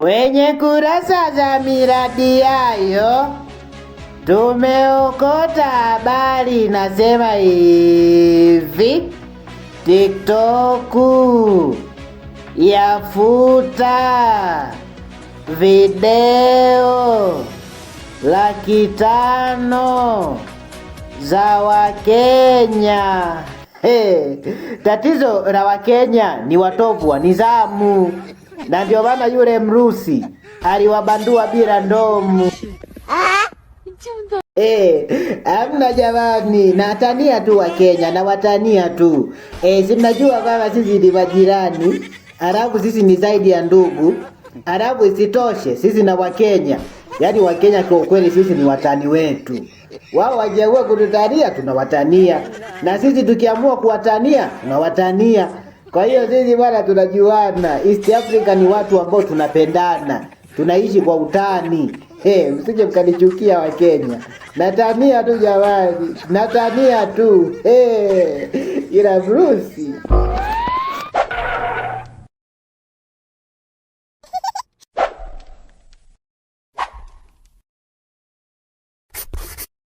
Wenye kurasa za miradi yayo tumeokota habari inasema hivi: TikTok yafuta video laki tano za Wakenya. Hey, tatizo la Wakenya ni watovu wa nidhamu na ndio maana yule Mrusi aliwabandua bila ndomu. Ah! E, eh, amna jamani, natania tu Kenya na watania tu e, si mnajua kwamba sisi ni majirani, halafu sisi ni zaidi ya ndugu, halafu isitoshe sisi na Wakenya, yaani Wakenya kwa ukweli sisi ni watani wetu. Wao wajaua kututania, tunawatania na sisi tukiamua kuwatania tunawatania kwa hiyo sisi bwana, tunajuana. East Africa ni watu ambao tunapendana, tunaishi kwa utani. Hey, msije mkanichukia wa Kenya. Natania tu jamani, natania tu. Hey, ila Bruce